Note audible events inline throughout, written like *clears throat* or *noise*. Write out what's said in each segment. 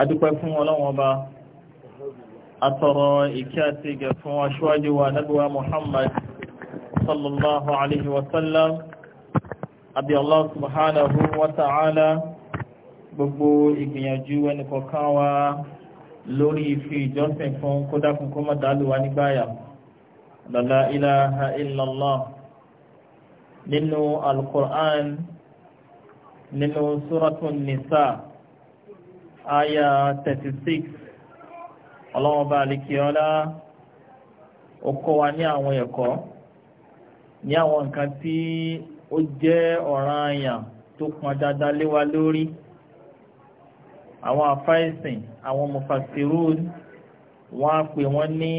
adúpẹ́ fún ọlọ́wọ́n ọba atọ̀rọ̀ ìkẹ́ àti ìgẹ̀ fún aṣíwájú wa nábíwá Muhammad sallallahu alaihi wasallam àbí Allah subhanahu wa ta'ala gbogbo ìgbìyànjú ẹnìkọ̀ọ̀kan wa lórí ìfi ìjọsìn fún kódákun kó má dàálù wa nígbàyà la ilaha illallah nínú al nínú suratun nisa' aya 36 ọlọ́wọ́n bá alikiola ó kọ́ wa ní àwọn ẹ̀kọ́ ní àwọn nǹkan tí ó jẹ́ ọ̀ranyàn tó pọn dandan lé wa lórí àwọn afáìsìn àwọn mufasirun wọ́n á pè wọ́n ní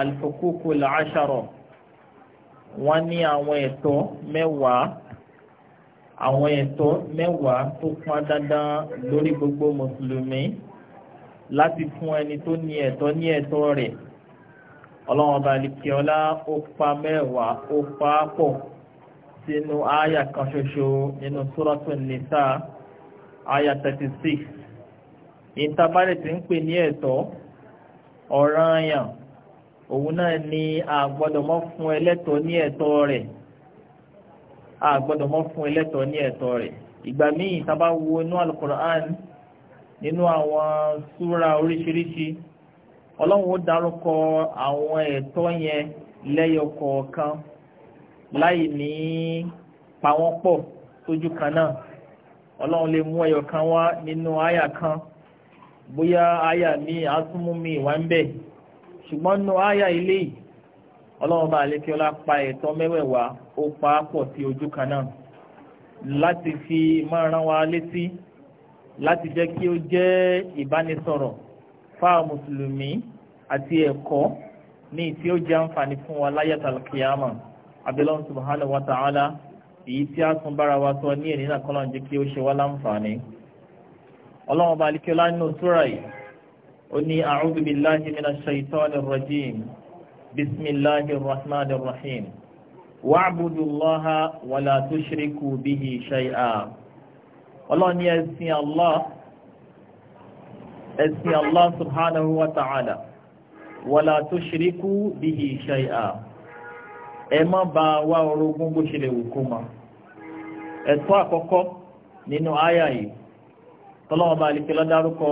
alfukuku làásàrọ̀ wọ́n ní àwọn ẹ̀tọ́ mẹ́wàá àwọn ẹ̀tọ́ mẹ́wàá tó pọn dandan lórí gbogbo mùsùlùmí láti fún ẹni tó ní ẹ̀tọ́ ní ẹ̀tọ́ rẹ̀ ọlọ́run ọba alikiola ó pa mẹ́wàá ó pa á pọ̀ sínú àyà kan ṣoṣo nínú sóràtò nìta àyà 36 ìtàbálẹ̀ tí ń pè ní ẹ̀tọ́ ọ̀ranyàn òun náà ni a gbọ́dọ̀ mọ́ fún ẹlẹ́tọ̀ọ́ ní ẹ̀tọ́ rẹ̀ a gbọ́dọ̀ mọ́ fún ẹlẹ́tọ̀ọ́ ní ẹ̀tọ́ rẹ̀ ìgbà míì tábà wo inú alukur'an nínú àwọn súra oríṣiríṣi ọlọ́run ó dárúkọ àwọn ẹ̀tọ́ yẹn lẹ́yọ kọ̀ọ̀kan láì ní pa wọ́n pọ̀ sójú kan náà ọlọ́run lè mú ẹyọ wá nínú àyà kan bóyá àyà mi àtúmú mi wà ń bẹ̀ ṣùgbọ́n nínú àyà ilé ọlọ́run bá alẹ́ kí ọlá pa ẹ̀tọ́ mẹ́wẹ̀ẹ̀wá ó pa á pọ̀ sí ojú kan náà láti fi máa rán wa létí láti jẹ́ kí ó jẹ́ ìbánisọ̀rọ̀ fáwọn mùsùlùmí àti ẹ̀kọ́ ní tí ó jẹ́ àǹfààní fún wa láyé tàlkìyàmà abẹ́lọ́n subhanahu wa ta'ala èyí tí a tún bára wa sọ ní ènìyàn kọ́lá ń jẹ́ kí ó ṣe wá láǹfààní ọlọ́run bá alẹ́ kí ọlá nínú súra yìí ó ní a'udhu billahi minash shaitanir rajim بسم الله الرحمن الرحيم واعبدوا الله ولا تشركوا به شيئا ọlọ́run ní ẹ̀sìn Allah ẹ̀sìn Allah subhanahu wa ta'ala wala tushriku bihi shay'a ẹ má bá wá orogún bó ṣe lè wù kó ma ẹ̀tọ́ àkọ́kọ́ nínú àyà yìí tọ́lọ́wọ́n bá alìkẹ́ lọ́dárúkọ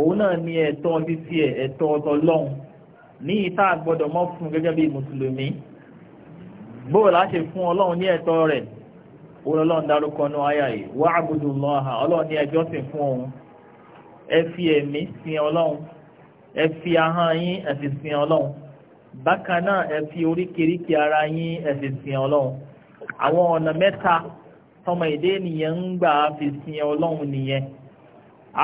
òun náà ní ẹ̀tọ́ títí ẹ̀ ẹ̀tọ́ ọ̀tọ̀ lọ́hùn ní ìta àgbọ́dọ̀ mọ́ fún gẹ́gẹ́ bí mùsùlùmí bóò láṣe fún ọlọ́run ní ẹ̀tọ́ rẹ̀ ọlọ́run dárúkọ ní àyà yìí wà ábùdù lọ́ha ọlọ́run ní ẹjọ́ sìn fún òun ẹ fi ẹ̀mí sin ọlọ́run ẹ fi ahọ́n yín ẹ fi sin ọlọ́run bákan náà ẹ fi oríkèríkè ara yín ẹ fi sin ọlọ́run àwọn ọ̀nà mẹ́ta tọmọ èdè nìyẹn ń gbà fi sin ọlọ́run nìyẹn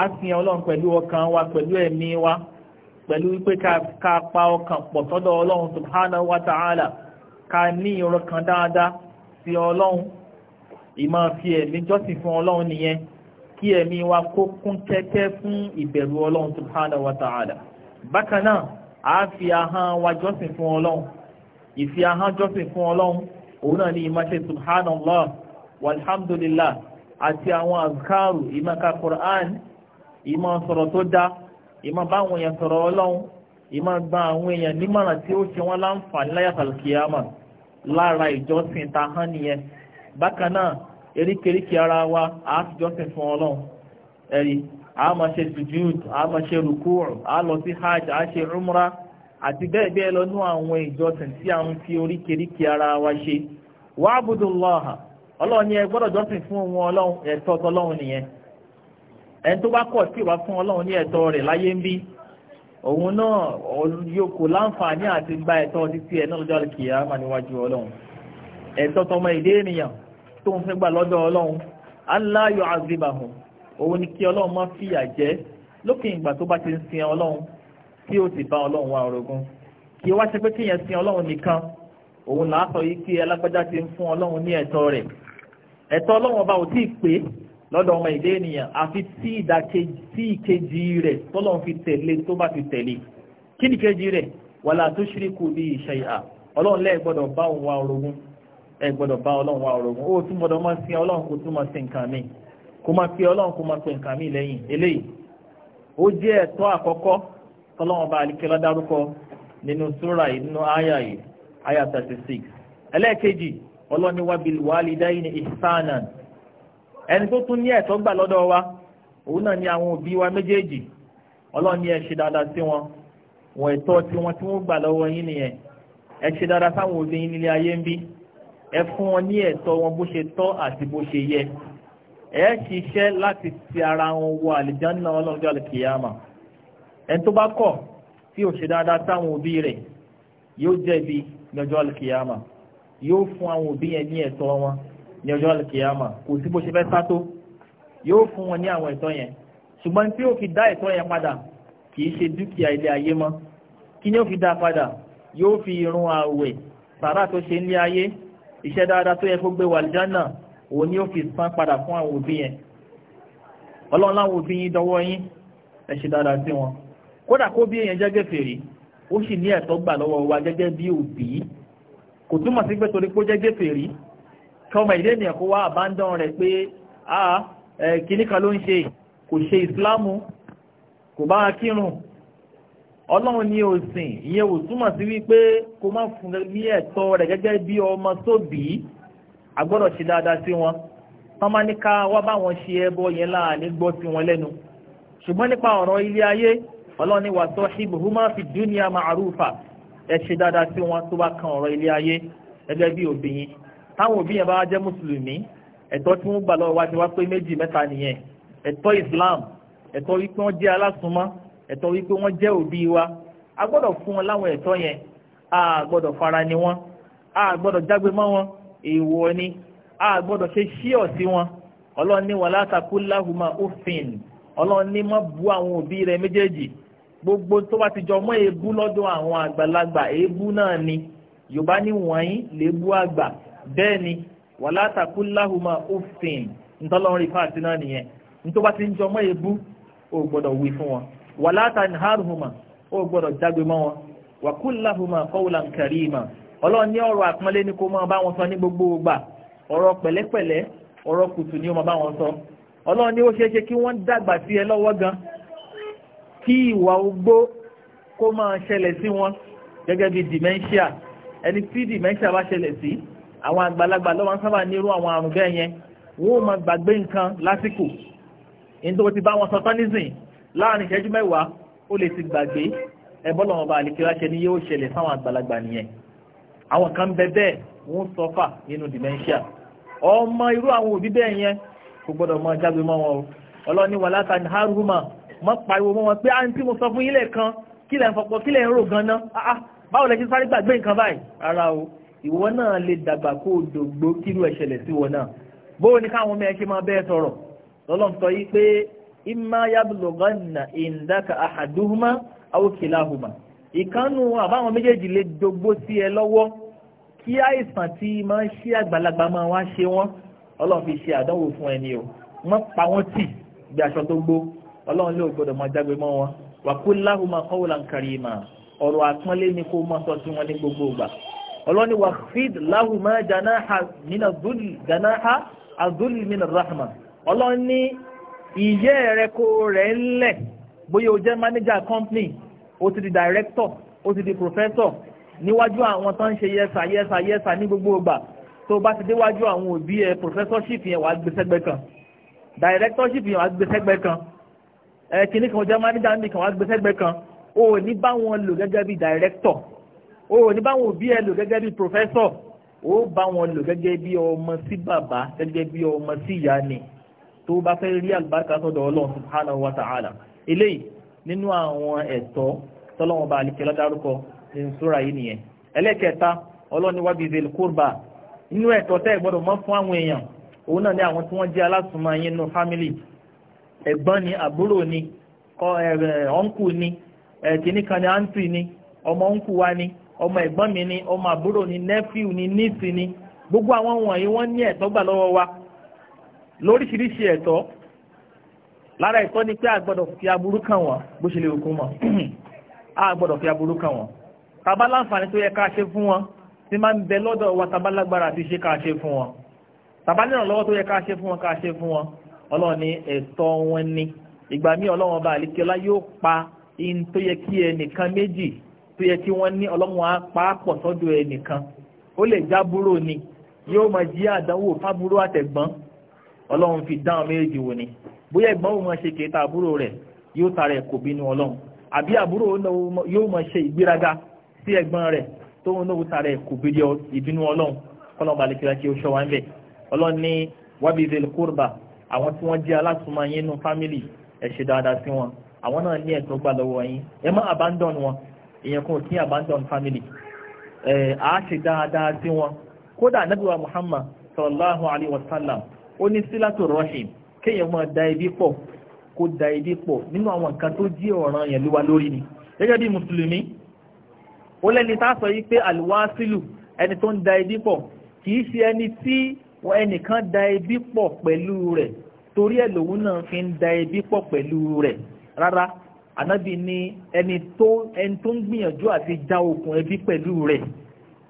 a sin ọlọ́run pẹ̀lú ọkàn wa pẹ̀lú ẹ̀mí wa pẹ̀lú wípé ká pa ọkàn pọ̀ sọ́dọ̀ ọlọ́run subhanahu wa ta'ala ká ní ìran kan dáadáa sí ọlọ́run ìmọ̀ fi ẹ̀mí jọ́sìn fún ọlọ́run nìyẹn kí ẹ̀mí wa kó kún kẹ́kẹ́ fún ìbẹ̀rù ọlọ́run subhanahu wa ta'ala bákan náà a fi ahọ́n wa jọ́sìn fún ọlọ́run ìfi ahọ́n jọ́sìn fún ọlọ́run òun náà ni ìmọ̀ ṣe subhanallah walhamdulillah àti àwọn azkaru ìmọ̀ ka Qur'an ìmọ̀ sọ̀rọ̀ tó dáa ìmọ̀ bá àwọn èèyàn sọ̀rọ̀ ọlọ́run ìmọ̀ gba àwọn èèyàn nímọ̀ràn tí ó ṣe wọ́n láǹfààní láyàtàlù lára ìjọsìn ta hàn nìyẹn bákan náà eríkèríkè ara wa a fún ọlọ́run ẹ̀rí a máa ṣe sujúd a a lọ sí hajj a ṣe àti bẹ́ẹ̀ bẹ́ẹ̀ lọ nú àwọn ìjọsìn tí a ń fi oríkèríkè ara wa ṣe ọlọ́run yẹn gbọ́dọ̀ jọ́sìn fún òun ẹni tó bá kọ̀ tí wá fún ọlọ́run ní ẹ̀tọ́ rẹ̀ láyé ń bí òun náà yóò kò láǹfààní àti gba ẹ̀tọ́ títí ẹ̀ náà lọ́jọ́ àlùkìyà má níwájú ọlọ́run ẹ̀tọ́ tọmọ ìdí ènìyàn tó ń fẹ́ gbà lọ́dọ̀ ọlọ́run Allah yu'azibahum òun ni kí ọlọ́run má fìyà jẹ lókè ìgbà tó bá ti ń sin ọlọ́run tí ó sì bá ọlọ́run wá orogún kí wá ṣe pé kíyàn sin ọlọ́run nìkan òun làá yìí kí alágbájá ti ń fún ọlọ́run ní ẹ̀tọ́ rẹ̀ ẹ̀tọ́ ọlọ́run ọba ò tíì pé lọ́dọ̀ ọmọ ìdé ènìyàn àfi tí ìkejì rẹ̀ tọ́lọ́run fi tẹ̀lé tó bá fi tẹ̀lé kí ni kejì rẹ̀ wàlá tushriku bí iṣẹ́ ìhà ọlọ́run lẹ́ẹ̀ gbọ́dọ̀ bá òun wá orogún ẹ gbọ́dọ̀ bá ọlọ́run wá orogún ó tún gbọ́dọ̀ máa sin ọlọ́run kó tún máa sin nǹkan mi kó máa fi ọlọ́run kó máa pe ẹni tó tún ní ẹ̀tọ́ gbà lọ́dọ̀ wa òun náà ni àwọn òbí wa méjèèjì ọlọ́run ní ẹ ṣe dáadáa sí wọn wọn ẹ̀tọ́ tí wọ́n tí wọ́n gbà lọ́wọ́ yín nìyẹn ẹ ṣe dáadáa sáwọn òbí yín nílé ayé ń bí ẹ fún wọn ní ẹ̀tọ́ wọn bó ṣe tọ́ àti bó ṣe yẹ ẹ ṣiṣẹ́ láti ti ara wọn wọ àlìjánná ọlọ́jọ́ àlìkìyàmà ẹni tó bá kọ̀ tí ò ṣe dáadáa sáwọn òbí rẹ̀ yóò jẹ̀bi lọ́jọ́ àlìkìyàmà yóò fún àwọn òbí yẹn ní ẹ̀tọ́ wọn ní ọjọ́ alìkìyàmà kò sí bó ṣe fẹ́ sátó yóò fún wọn ní àwọn ẹ̀tọ́ yẹn ṣùgbọ́n tí ó fi dá ẹ̀tọ́ yẹn padà kì í ṣe dúkìá ilé ayé mọ́ kí ni ó fi dá padà yóò fi irun àwẹ̀ sàrà tó ṣe nílé ayé iṣẹ́ dáadáa tó yẹ kó gbé wà lìjánà òun ni ó fi san padà fún àwọn òbí yẹn ọlọ́run láwọn òbí yín dọwọ́ yín ẹ ṣe dáadáa sí wọn kódà kó bí èèyàn jẹ́ gẹ̀fẹ̀rí ó sì ní ẹ̀tọ́ gbà lọ́wọ́ wa gẹ́gẹ́ bí òbí kò túmọ̀ sí pé torí pé ó jẹ́ gẹ̀fẹ̀rí kọmọ ìdé ènìyàn kó wá àbándán rẹ̀ pé a ah, eh, kìíní kan ló ń ṣe kò ṣe ìsìláàmù kò bá kírun ọlọ́run ní òsìn ìyẹn ò túmọ̀ sí wípé kó má fún ní ẹ̀tọ́ rẹ̀ gẹ́gẹ́ bí ọmọ tó bí a gbọ́dọ̀ ṣe dáadáa sí wọn wọ́n máa ní ká wá bá ṣe ẹbọ yẹn láàrin gbọ́ sí wọn lẹ́nu ṣùgbọ́n nípa ọ̀rọ̀ ilé ayé ọlọ́run ní wàásù ibuhuma fi dúnìá ma'arufa ẹ ṣe dáadáa sí wọn tó bá kan ọ̀rọ̀ ilé ayé gẹ́gẹ́ bí obìnrin táwọn òbí yẹn bá jẹ́ mùsùlùmí ẹ̀tọ́ tí wọ́n gbà lọ́wọ́ wa ti wá pé méjì mẹ́ta nìyẹn ẹ̀tọ́ Islam ẹ̀tọ́ wípé wọ́n jẹ́ alásùnmọ́ ẹ̀tọ́ wípé wọ́n jẹ́ òbí wa a gbọ́dọ̀ fún wọn láwọn ẹ̀tọ́ yẹn a gbọ́dọ̀ fara ni wọ́n a gbọ́dọ̀ jágbe mọ́ wọn èèwọ̀ ni a gbọ́dọ̀ ṣe ṣíọ̀ sí wọn ọlọ́run ní wàlá takuláhùmá òfin ni yorùbá ní wọ̀nyí lèébú àgbà bẹ́ẹ̀ ni wà látàkùn láhùmá òfin ntọ́lọ́run rí fáàtì náà nìyẹn nítorí ti ń jọmọ́ ebú o gbọ́dọ̀ wí fún wọn wà gbọ́dọ̀ jágbe mọ́ wọn wà kùn láhùmá kọ́wùlà ọ̀rọ̀ àpọ́nlé ni kó máa bá wọn sọ ní gbogbo ìgbà ọ̀rọ̀ pẹ̀lẹ́pẹ̀lẹ́ ọ̀rọ̀ kùtù ní ó àwọn àgbàlagbà ló máa ń sábà nírú àwọn àrùn bẹ́ẹ̀ yẹn wọ́n ó máa gbàgbé nǹkan lásìkò nítorí ti bá wọn sọ tánìsìn láàrin ìṣẹ́jú mẹ́wàá ó lè ti gbàgbé ẹ̀bọ́n lọ́wọ́ bá àlekèrè àṣẹ yóò ṣẹlẹ̀ sáwọn àgbàlagbà nìyẹn àwọn kan bẹ bẹ́ẹ̀ wọ́n sọ́fà nínú dementia ọmọ irú àwọn òbí bẹ́ẹ̀ yẹn kò gbọ́dọ̀ mọ jágbe mọ́ wọn o ọlọ́ni wà látàní haruma mọ́ pariwo mọ́ wọn pé à ah, ń tí mo sọ fún ah, ah, báwo lẹ ti sáré gbàgbé nǹkan báyìí rárá o ìwọ náà lè dàgbà kó o dògbò kírú ẹ̀ṣẹ̀lẹ̀ sí wọn náà bó o ní káwọn ọmọ ẹ ṣe máa bẹ́ẹ̀ sọ̀rọ̀ lọ́lọ́m sọ pé imma yablughanna indaka ahaduhuma aw kilahuma ìkánú àbáwọn méjèèjì lè dògbò sí ẹ lọ́wọ́ kí àìsàn tí máa ń ṣe àgbàlagbà máa wá ṣe wọ́n ọlọ́run fi ṣe àdánwò fún ẹni o wọ́n pa wọ́n tì bí aṣọ tó gbó ọlọ́run lè gbọ́dọ̀ máa jágbe mọ́ wọn wa qul lahuma qawlan karima ọ̀rọ̀ àpọ́nlé ni kó máa sọ sí wọn ní gbogbo ìgbà ọlọ́ni wà fíd láhùmá janáha azúlì min rahma ọlọ́ni ìyẹ́ rẹ̀ kó rẹ̀ ńlẹ̀ bóyá o jẹ́ manager company o ti di director o ti di professor níwájú àwọn tó ń ṣe yẹsà yẹsà yẹsà ní gbogbo ìgbà tó bá ti déwájú àwọn òbí ẹ professorship yẹn wàá gbé sẹ́gbẹ́ kan directorship yẹn wàá gbé sẹ́gbẹ́ kan ẹ kìnnìkan o jẹ́ manager nìkan wàá gbé sẹ́gbẹ́ kan o ní bá wọn lò gẹ́gẹ́ bí director o ò ní báwọn òbí ẹ lò gẹ́gẹ́ bí pòfẹ́sọ̀ o bá wọn lò gẹ́gẹ́ bí ọmọ sí bàbá gẹ́gẹ́ bí ọmọ sí ìyá ni tó bá fẹ́ rí àlùbáríkà sọ́dọ̀ ọlọ́run subhanahu wa ta'ala eléyìí nínú àwọn ẹ̀tọ́ tọ́lọ́wọ́n bá àlìkẹ́ lọ́dárúkọ ní sóra yìí nìyẹn ẹlẹ́kẹta ọlọ́ni wábi zèlè kúrbà nínú ẹ̀tọ́ tẹ́ ẹ gbọ́dọ̀ mọ́ fún àwọn èèyàn òun náà ní àwọn tí wọ́n jẹ́ alásùnmọ́ yín nínú fámìlì ẹ̀gbọ́n ni àbúrò ni ọ̀nkù ni kìnnìkan ni àǹtì ni ọmọ ọ̀nkù wa ni ọmọ ẹ̀gbọ́n mi ni ọmọ àbúrò ni nẹ́fíù ni níìsì ni gbogbo àwọn wọ̀nyí wọ́n ní ẹ̀tọ́ gbà lọ́wọ́ wa lóríṣiríṣi ẹ̀tọ́ lára ẹ̀tọ́ ni pé àgbọ́dọ̀ fi aburú kàn wọ́n bó ṣe lè òkun mọ̀ àgbọ́dọ̀ *clears throat* fi aburú kàn wọ́n tàbá láǹfààní tó yẹ ká ṣe fún wọn tí máa ń bẹ lọ́dọ̀ wa tàbá lágbára àti ṣe ká fún wọn tàbá nínú lọ́wọ́ tó yẹ ká fún wọn ká fún wọn ọlọ́run ní ẹ̀tọ́ wọn ni ìgbà míì ọlọ́run ọba àlíkẹ́lá yóò pa in tó yẹ kí ẹnìkan méjì tó yẹ kí wọ́n ní ọlọ́run á paápọ̀ sọ́dọ̀ ẹnìkan ó lè jábúrò ni yóò máa jí àdánwò fábúrò àtẹ̀gbọ́n ọlọ́run fi dáhùn méjèèjì wò ni bóyá ẹ̀gbọ́n ò máa ṣe kéta àbúrò rẹ̀ yóò tara ẹ̀ kò bínú ọlọ́run àbí àbúrò yóò máa ṣe ìgbéraga sí ẹ̀gbọ́n rẹ̀ tóun náà tara ẹ̀ kò bínú ìbínú ọlọ́run kọ́lọ́mù àlekèrè kí ó ṣọ́ wa ń bẹ̀ ọlọ́run ní wábìlì kúrbà àwọn tí wọ́n èèyàn kan sí abandon family a ṣe dáadáa sí wọn kódà nabiwa muhammad sallallahu alaihi wasallam ó ní sílátò rahim kéèyàn máa da ibi pọ̀ kó da ibi pọ̀ nínú àwọn nǹkan tó jí ọ̀ràn yẹn lúwa lórí ni gẹ́gẹ́ bí mùsùlùmí ó lẹ́ni tá sọ yí pé alwasilu ẹni tó ń da ibi pọ̀ kìí ṣe ẹni tí ẹnìkan da ibi pọ̀ pẹ̀lú rẹ̀ torí ẹ̀ lòun náà fi ń da ibi pọ̀ pẹ̀lú rẹ̀ rárá ànábì ni ẹni tó ẹni tó ń gbìyànjú àti já okùn ẹbí pẹ̀lú rẹ̀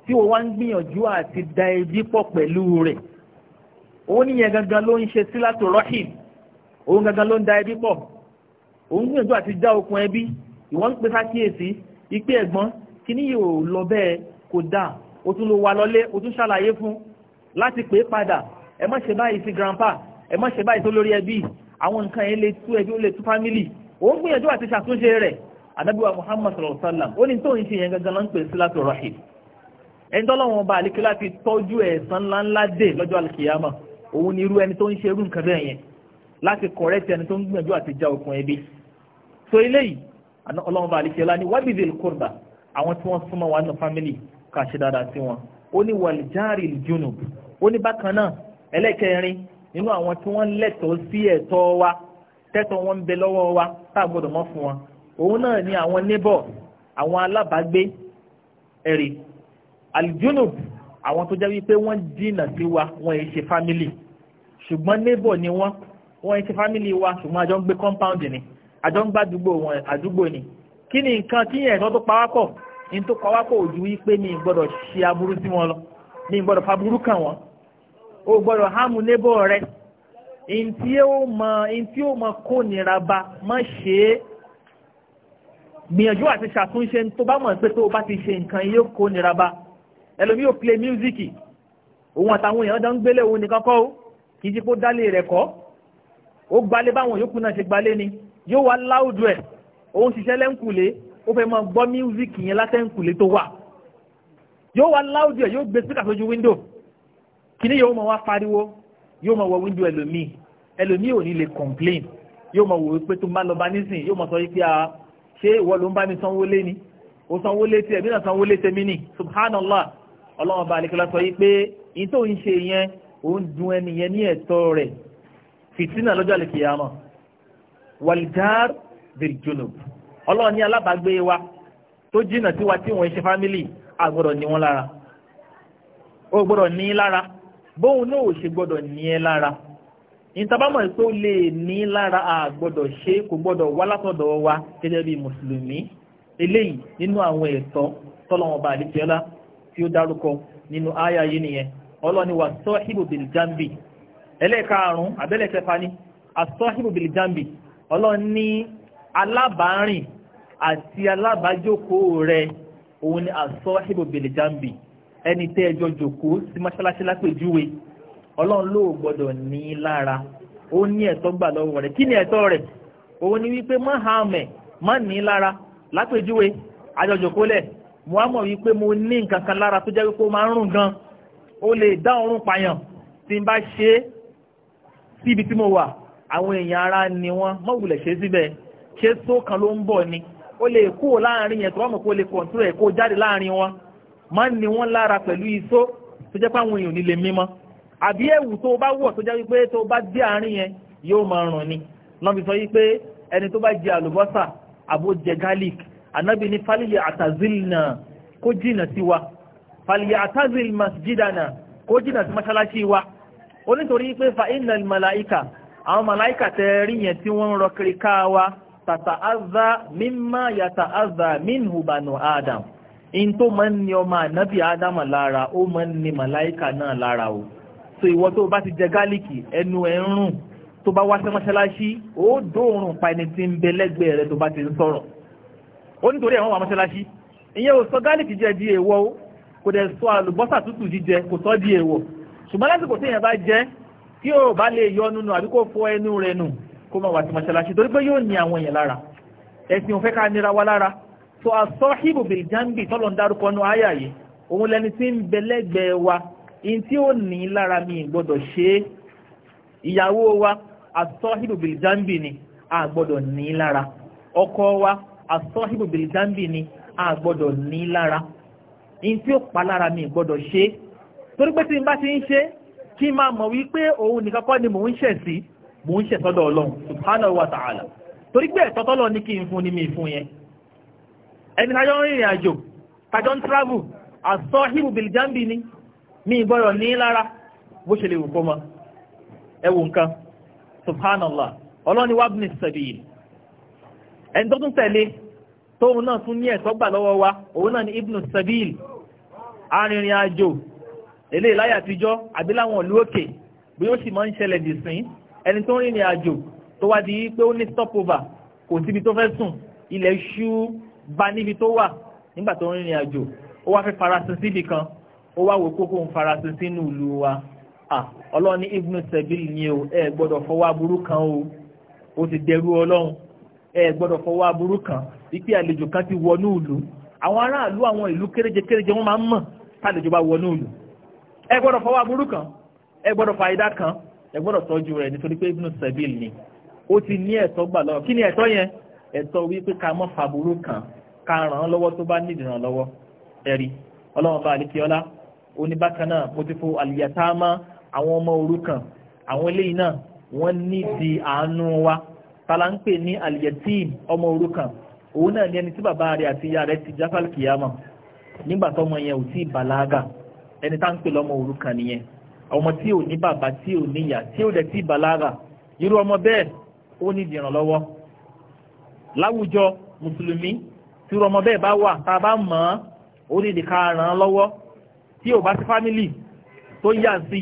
tí wọ́n wá ń gbìyànjú àti da ẹbí pọ̀ pẹ̀lú rẹ̀ òun nìyẹn gangan ló ń ṣe sílátò rọ́hìm òun gangan ló ń da ẹbí pọ̀ òun gbìyànjú àti já okùn ẹbí ìwọ́n ń pe sákíyèsí ìpè ẹ̀gbọ́n kíní yóò lọ bẹ́ẹ̀ kò dáa o tún lọ wà lọ́lé o tún ṣàlàyé fún láti pè é padà ẹ má ṣe báyìí sí grandpa ẹ má ṣe báyìí tó lórí ẹbí àwọn nǹkan yẹn lè tú ẹbí ó lè tú family òun gbìyànjú àti ṣàtúnṣe rẹ̀ anábíwá muhammad sallallahu alaihi wasallam ó ní tó ń ṣe yẹn gangan ń pè sí rahim ẹni tó lọ́wọ́n ọba àlékí láti tọ́jú ẹ̀san ńláńlá dé lọ́jọ́ alkiyama òun ni irú ẹni tó ń ṣe irú nǹkan bẹ́ẹ̀ yẹn láti kọ̀rẹ́tì ẹni tó ń gbìyànjú àti já okùn ẹbí so eléyìí ọlọ́wọ́n ọba àlékí ọlá ní wábìdìl kúrbà àwọn tí wọ́n súnmọ́ wa nínú fámìlì ká ṣe dáadáa sí wọn ó ní wàlìjárì junub ó ní bákan náà ẹlẹ́kẹrin nínú àwọn tí wọ́n lẹ́tọ̀ọ́ sí ẹ̀tọ́ wa tẹ́tọ̀ wọn ń bẹ lọ́wọ́ wa tá a gbọ́dọ̀ mọ́ fún wọn òun náà ni àwọn neighbor àwọn alábàágbé ẹ̀rì aljunub àwọn tó jẹ́ wípé wọ́n jìnnà sí wa wọ́n yìí ṣe family ṣùgbọ́n neighbor ni wọ́n wọ́n yìí ṣe family wa ṣùgbọ́n àjọ ń gbé compound ni àjọ ń gbàdúgbò wọn àdúgbò ni kí ni nǹkan tí yẹn ẹ̀sán tó pawápọ̀ ní tó pawápọ̀ ojú wípé mi gbọ́dọ̀ ṣe aburú sí wọn lọ mi gbọ́dọ̀ fa kàn wọ́n o gbọ́dọ̀ háàmù neighbor rẹ̀ in tí ó ma in tí ó mọ kó nira bá mọ́ ṣe é gbìyànjú àti ṣàtúnṣe tó bá mọ̀ pé tó ti ṣe nǹkan yóò kó nira bá ẹlòmí ò play music òun àtàwọn èèyàn dán gbélé òun nìkan kọ́ ó kì í ti kó dálé rẹ̀ kọ́ ó gbalé báwọn yòókù náà ṣe gbalé ni yóò wá láùdù ẹ̀ òun ṣiṣẹ́ lẹ́ńkùlé ó fẹ́ máa gbọ́ music yẹn látẹ́ńkùlé tó wà yóò wá láùdù ẹ̀ yóò gbé speaker sójú window kini ní yóò máa pariwo yóò mọ wọ wíńdò ẹlòmíì ẹlòmíì ò ní lè complain yóò mọ wò wípé tó ń bá lọ bá nísìn yóò mọ sọ wípé a ah, ṣé ìwọ ló ń bá mi sanwó lé ni ó sanwó lé tiẹ̀ mí náà sanwó lé tẹ̀mí ni subhanallah ọlọ́run bá àlekèlá sọ yìí pé ìyí tó ń ṣe yẹn ó ń dun ẹni yẹn ní ẹ̀tọ́ rẹ̀ fìtínà lọ́jọ́ àlekèyàmọ̀ wàlìjáàr bìrìjùnù ọlọ́run ní alábàágbé wa tó jìnnà tiwa tí wọ́n ṣe fámìlì àgbọ̀dọ̀ ní wọn lára ó gbọ́dọ̀ ní lára bóun náà ò ṣe gbọ́dọ̀ ní ẹ lára ìtàbámọ̀ pé ó lè ní lára a gbọ́dọ̀ ṣe kò gbọ́dọ̀ wá látọ̀dọ̀ wa gẹ́gẹ́ bí mùsùlùmí eléyìí nínú àwọn ẹ̀tọ́ tọ́lọ́wọ́ba àdìjọ́lá tí ó dárúkọ nínú àyà yìí nìyẹn ọlọ́ni wa sọ́hìbù bìlìjàmbì ẹlẹ́ẹ̀karùn-ún abẹ́lẹ̀kẹfà ni asọ́hìbù bìlìjàmbì ọlọ́ni alábàárìn àti alábàájókòó rẹ̀ òun ni asọ́hìbù bìlìjàmbì ẹni tẹ́ ẹjọ́ jòkó sí mọ́ṣáláṣí lápèjúwe ọlọ́run ló gbọ́dọ̀ ní lára ó ní ẹ̀tọ́ gbà lọ́wọ́ rẹ̀ kí ni ẹ̀tọ́ rẹ̀ òun ni wípé má ha mẹ̀ má ní lára lápèjúwe àjọjòkó lẹ̀ mo á mọ̀ wípé mo ní nǹkan kan lára tó jẹ́ wípé ó máa ń rùn gan ó lè dá òórùn pààyàn tí n bá ṣe é sí tí mo wà àwọn èèyàn ara ni wọ́n mọ̀wùlẹ̀ ṣe síbẹ̀ ṣé só kan ló ń bọ̀ ni ó lè kúrò láàrin yẹn tó wọ́n mọ̀ kó lè kọ̀ǹtúrò ẹ̀ kó jáde láàrin wọn máa ń ni wọ́n lára pẹ̀lú iṣó tó jẹ́ pé àwọn èèyàn nílé mímọ́ àbí ẹ̀wù tó bá wọ̀ tó jẹ́ wípé tó bá dé àárín yẹn yóò máa rùn ni lọ́bi sọ wípé ẹni tó bá jẹ àlùbọ́sà àbó jẹ garlic ànábì ní fálíyà àtàzìl náà kó jìnà sí wa fálíyà àtàzìl masjidana kó jìnà sí mọ́ṣáláṣí wa onítorí pé fa innal màláìkà àwọn màláìkà tẹ rí yẹn tí wọ́n ń rọ kiri káà wa tàtà azà mimma yàtà azà minhu banu adam in tó máa ń ní ọmọ ànábì ádámà lára ó máa ń ní náà lára o so ìwọ tó bá ti jẹ gálíkì ẹnu ẹ̀ ń rùn tó bá wá sí mọ́ṣáláṣí ó dóòrùn pa ẹni tí ń bẹ lẹ́gbẹ̀ẹ́ rẹ tó bá ti ń sọ̀rọ̀ ó nítorí ẹ̀wọ̀n wà mọ́ṣáláṣí ìyẹn ò sọ gálíkì jẹ di èèwọ̀ o kò dẹ̀ sọ àlùbọ́sà tútù jíjẹ kò sọ di èèwọ̀ ṣùgbọ́n lásìkò tí èèyàn bá jẹ kí ó bá lè yọ nínú àbí kó fọ ẹnu rẹ nù kó máa wà sí mọ́ṣáláṣí torí pé yóò ní àwọn èèyàn lára ẹ̀sìn ò ká nira wa lára so asọ́hìbù bìí jambi tọ́lọ̀ ń dárúkọ ní àyà yìí òun lẹni tí ń bẹ̀lẹ́gbẹ̀ẹ́ wa in tí ó ní lára mi gbọ́dọ̀ ṣe é ìyàwó wa asọ́hìbù bìí jambi ni a gbọ́dọ̀ ní lára ọkọ wa asọ́hìbù bìí jambi ni a gbọ́dọ̀ ní lára in tí ó pa lára mi gbọ́dọ̀ ṣe é torí pé tí n bá ti ń ṣe kí n máa mọ̀ wípé òun nìkan kọ́ ni mò ń ṣẹ̀ sí mò ń ṣẹ̀ sọ́dọ̀ ọlọ́run subhanahu wa ta'ala torí pé ẹ̀tọ́ tọ́lọ́ ní kí n fún ni mi fún yẹn ẹni tajọ́ ń rìnrìn àjò tajọ́ ń travel àsọ híbù bìlìjàmbì ni mi ìgbọ́rọ̀ ní lára bó ṣe lè wù kó mọ ẹwù nǹkan subhanallah ọlọ́ni wà bí sabil ẹni tó tún tẹ̀lé tóun náà tún ní ẹ̀tọ́ gbà lọ́wọ́ wa òun náà ni ibnu sabil arìnrìn àjò èlé ìláyà àtijọ́ àbí láwọn ìlú òkè bí ó sì máa ń ṣẹlẹ̀ dìsín ẹni tó ń rìnrìn àjò tó wá di pé ó ní stopover kò síbi tó fẹ́ sùn ilẹ̀ ṣú bá níbi tó wà nígbà tó ń rìnrìn àjò ó wá fẹ́ farasin síbi kan ó wá wò kókó ń farasin sínú ìlú wa ọlọ́run ní ibnu sẹ́bìlì ni o ẹ gbọ́dọ̀ fọwọ́ aburú kan o ó ti dẹrú ọlọ́run ẹ gbọ́dọ̀ fọwọ́ aburú kan wípé àlejò kan ti wọnú ìlú àwọn aráàlú àwọn ìlú kéréje kéréje wọn máa ń mọ̀ tálejò bá wọnú ìlú ẹ gbọ́dọ̀ fọwọ́ aburú kan ẹ gbọ́dọ̀ fọ àyídá kan ẹ gbọ́dọ̀ tọ́jú rẹ̀ nítorí pé ibnu sẹ́bìlì ni ó ti ní ẹ̀tọ́ gbà lọ kí ni ẹ̀tọ́ yẹn ẹ̀tọ́ wípé ká má faburú kan ká ràn án lọ́wọ́ tó bá nídìí ràn lọ́wọ́ ẹ̀rí ọlọ́run bá àlekí ọlá oníbákan náà mo ti fo àlìyàtàmá àwọn ọmọ òrukàn àwọn eléyìí náà wọ́n nídìí àánú wa tala ń pè ní àlìyàtìm ọmọ òrukàn òun náà ní ẹni tí bàbá rẹ̀ àti ìyá rẹ̀ ti jáfàlì kìyàmọ̀ nígbà tọmọ yẹn ò tí ì bàlágà ẹni tá ń pè lọ́mọ òrukàn nìyẹn ọmọ tí ò ní bàbá tí ò níyà tí ò dẹ̀ tí ì bàlágà irú ọmọ bẹ́ẹ̀ ó nídìí ìrànlọ́wọ́ láwùjọ mùsùlùmí tí ọmọ bẹ́ẹ̀ bá wà tá a bá mọ̀ ọ́n ó ní ìdíkà ràn lọ́wọ́ tí ò bá sí fámìlì tó yà sí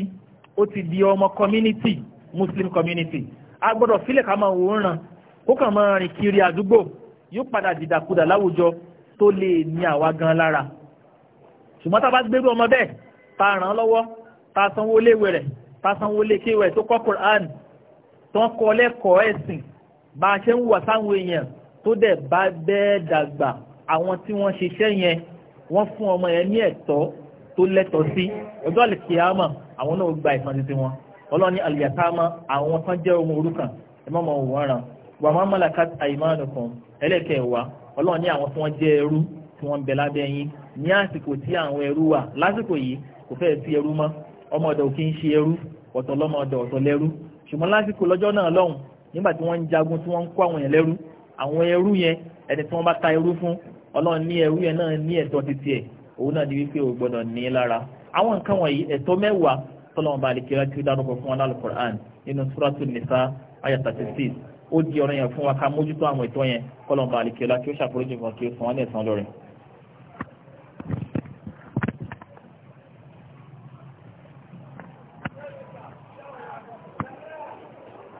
ó ti di ọmọ community muslim community a gbọ́dọ̀ sílẹ̀ ká máa wòran kó kàn máa rìn kiri àdúgbò yóò padà dìdàkudà láwùjọ tó lè ní àwa gan lára ṣùgbọ́n tá a bá gbérú ọmọ bẹ́ẹ̀ tá a ràn án lọ́wọ́ tá a sanwó léwe rẹ̀ tá a sanwó lékewẹ̀ tó kọ́ Quran tó ń kọ́ lẹ́kọ̀ọ́ ẹ̀sìn bá a ṣe ń wà sáwọn èèyàn tó dẹ̀ bá bẹ́ẹ̀ dàgbà àwọn tí wọ́n ṣiṣẹ́ yẹn wọ́n fún ọmọ yẹn ní ẹ̀tọ́ tó lẹ́tọ̀ọ́ sí ọjọ́ àlìkìyàmà àwọn náà gba ìsan títí wọn ọlọ́ni àlìyàtàmà àwọn tán jẹ́ ohun orúkàn ẹmọ́ mọ̀ wọ́n ràn wà máa malakat aymanukum ẹlẹ́kẹ̀ẹ́wà ọlọ́ni àwọn tí wọ́n jẹ́ ẹrú tí wọ́n ń bẹ lábẹ́ yín ní àsìkò tí àwọn ẹrú wà lásìkò yìí kò fẹ́ sí ẹrú mọ́ ọmọdé ò kí ń ṣe ẹrú ọ̀tọ̀ lọ́mọdé ọ̀tọ̀ lẹ́rú ṣùgbọ́n lásìkò lọ́jọ́ náà lọ́hùn nígbà tí wọ́n ń jagun tí wọ́n ń kó àwọn yẹn lẹ́rú àwọn ẹrú yẹn ẹni tí wọ́n bá ta ẹrú fún ọlọ́run ní ẹrú yẹn náà ní ẹ̀tọ́ títí ẹ̀ òun náà ni wípé o gbọ́dọ̀ ní lára àwọn nǹkan wọ̀nyí ẹ̀tọ́ mẹ́wàá tọ́lọ́run bá àlekèrè tí ó dárúkọ fún wọn lálùkọ̀rán nínú súrátù nìsa àyà 36 ó di ọ̀rọ̀ yẹn fún wa ká mójútó àwọn ẹ̀tọ́ yẹn kọ́lọ́run bá àlekèrè tí ó ṣàforíjì fún kí ó fún wọn ní ẹ̀san lórí.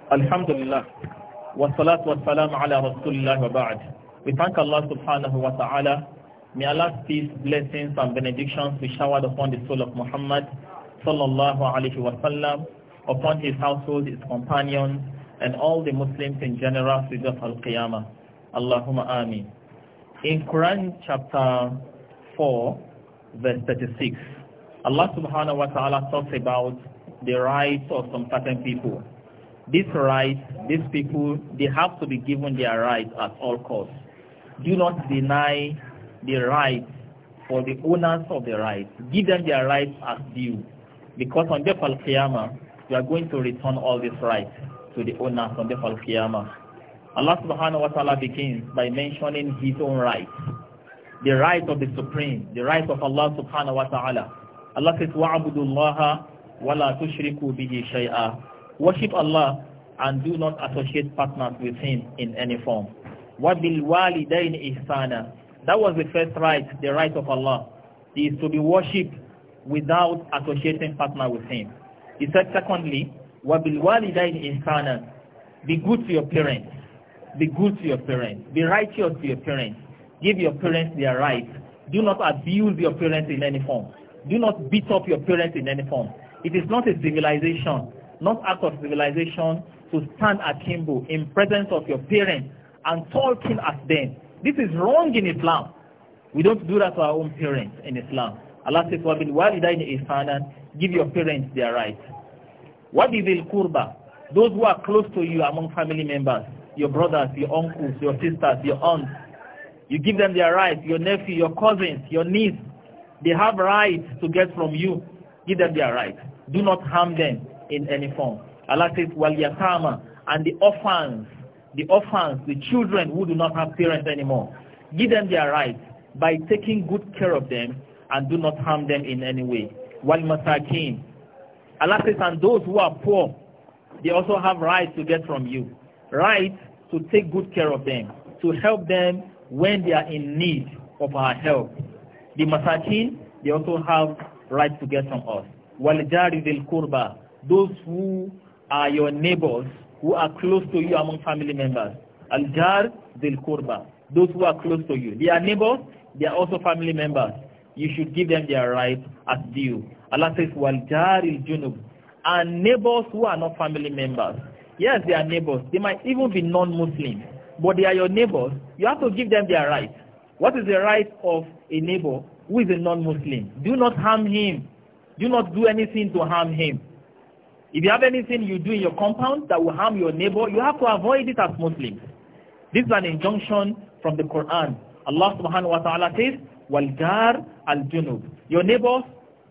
alhamdulillah We thank Allah subhanahu wa ta'ala. May Allah's peace, blessings and benedictions be showered upon the soul of Muhammad sallallahu alayhi wa sallam, upon his household, his companions and all the Muslims in general through the Al-Qiyamah. Allahumma ameen. In Quran chapter 4 verse 36, Allah subhanahu wa ta'ala talks about the rights of some certain people. This right, these people, they have to be given their right at all costs. Do not deny the right for the owners of the right. Give them their rights as due. Because on the Al-Qiyamah, we are going to return all these rights to the owners on the Al-Qiyamah. Allah subhanahu wa ta'ala begins by mentioning his own rights. The right of the Supreme, the right of Allah subhanahu wa ta'ala. Allah says, وَعَبُدُ اللَّهَ وَلَا تُشْرِكُوا بِهِ شَيْئًا Worship Allah and do not associate partners with him in any form. وَبِالْوَالِدَيْنِ إِحْسَانًا That was the first right, the right of Allah, is to be worshipped without associating partner with him. He said secondly, وَبِالْوَالِدَيْنِ إِحْسَانًا Be good to your parents. Be good to your parents. Be righteous to your parents. Give your parents their rights. Do not abuse your parents in any form. Do not beat up your parents in any form. It is not a civilization not act of civilization, to stand akimbo in presence of your parents and talking at them. This is wrong in Islam. We don't do that to our own parents in Islam. Allah says, وَبِلْ وَالِدَيْنِ إِحْسَانًا Give your parents their rights. What is il kurba? Those who are close to you among family members, your brothers, your uncles, your sisters, your aunts. You give them their rights, your nephew, your cousins, your niece. They have rights to get from you. Give them their rights. Do not harm them in any form. Allah says, Waliyatama, and the orphans, the orphans, the children who do not have parents anymore. Give them their rights by taking good care of them and do not harm them in any way. Walimasakin. Allah says, and those who are poor, they also have rights to get from you. Rights to take good care of them, to help them when they are in need of our help. The masakin, they also have rights to get from us. Waljari del kurba, those who are your neighbors, who are close to you among family members. Al-jar dhil qurba. Those who are close to you. They are neighbors, they are also family members. You should give them their right as due. Allah says, wal-jar al-junub. And neighbors who are not family members. Yes, they are neighbors. They might even be non-Muslims, but they are your neighbors. You have to give them their right. What is the right of a neighbor who is a non-Muslim? Do not harm him. Do not do anything to harm him. If you have anything you do in your compound that will harm your neighbor, you have to avoid it as Muslims. This is an injunction from the Quran. Allah subhanahu wa ta'ala says, Walgar al-junub. Your neighbors,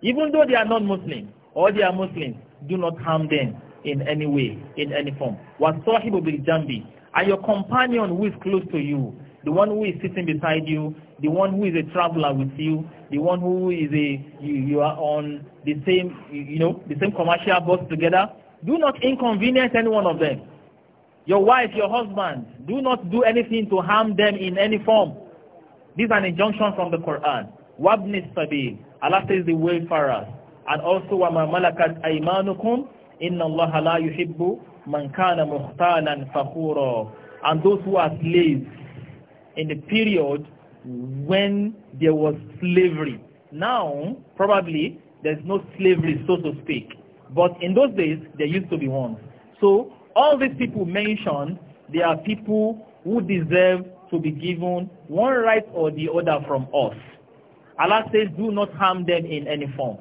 even though they are non-Muslim or they are Muslims, do not harm them in any way, in any form. Wa Wasahibu bil jambi. And your companion who is close to you, the one who is sitting beside you, the one who is a traveler with you, the one who is a you, you are on the same you know the same commercial bus together. Do not inconvenience any one of them. Your wife, your husband, do not do anything to harm them in any form. This is an injunction from the Quran. Wabnis sabil. Allah says the wayfarers. And also wa ma malakat aymanukum inna Allah la yuhibbu man kana mukhtalan fakhura. And those who are slaves in the period when there was slavery. Now, probably, there's no slavery, so to speak. But in those days, there used to be one. So all these people mentioned, they are people who deserve to be given one right or the other from us. Allah says, do not harm them in any form.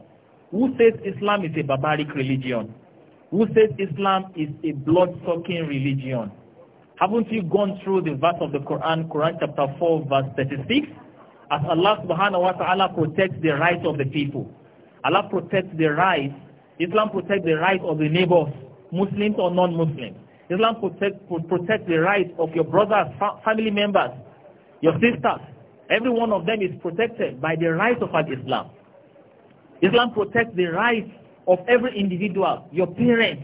Who says Islam is a barbaric religion? Who says Islam is a blood-sucking religion? Haven't you gone through the verse of the Quran, Quran chapter 4 verse 36? As Allah subhanahu wa ta'ala protects the rights of the people. Allah protects the rights. Islam protects the rights of the neighbors, Muslims or non-Muslims. Islam protects protect the rights of your brothers, fa family members, your sisters. Every one of them is protected by the rights of Islam. Islam protects the rights of every individual, your parents,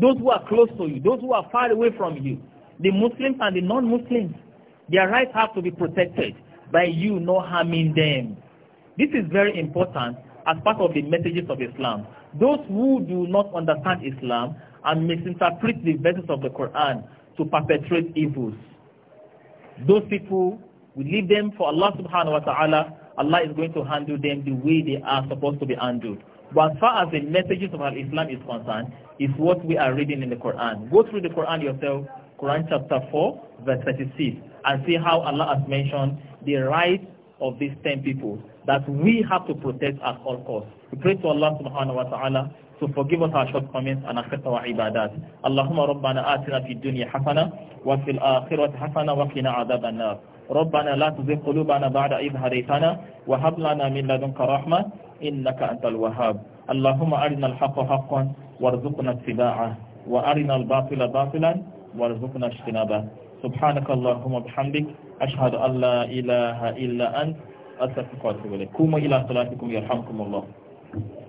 those who are close to you, those who are far away from you, the Muslims and the non-Muslims. Their rights have to be protected by you not harming them. This is very important as part of the messages of Islam. Those who do not understand Islam and misinterpret the verses of the Quran to perpetrate evils. Those people, we leave them for Allah subhanahu wa ta'ala. Allah is going to handle them the way they are supposed to be handled. But as far as the messages of Islam is concerned, is what we are reading in the Quran. Go through the Quran yourself Quran chapter 4, verse 36, and see how Allah has mentioned the rights of these 10 people that we have to protect at all costs. We pray to Allah subhanahu wa ta'ala to forgive us our shortcomings and accept our ibadat. Allahumma rabbana atina fid dunya hasana wa fil akhirati hasana wa qina adhaban nar. ba'da لا تزغ قلوبنا بعد إذ هديتنا وهب لنا من لدنك رحمة إنك أنت al اللهم haqqan الحق حقا wa اتباعه al الباطل باطلا وارزقنا اجتنابه سبحانك اللهم وبحمدك أشهد أن لا إله إلا أنت أستغفرك وأتوب إليك قوموا إلى صلاتكم يرحمكم الله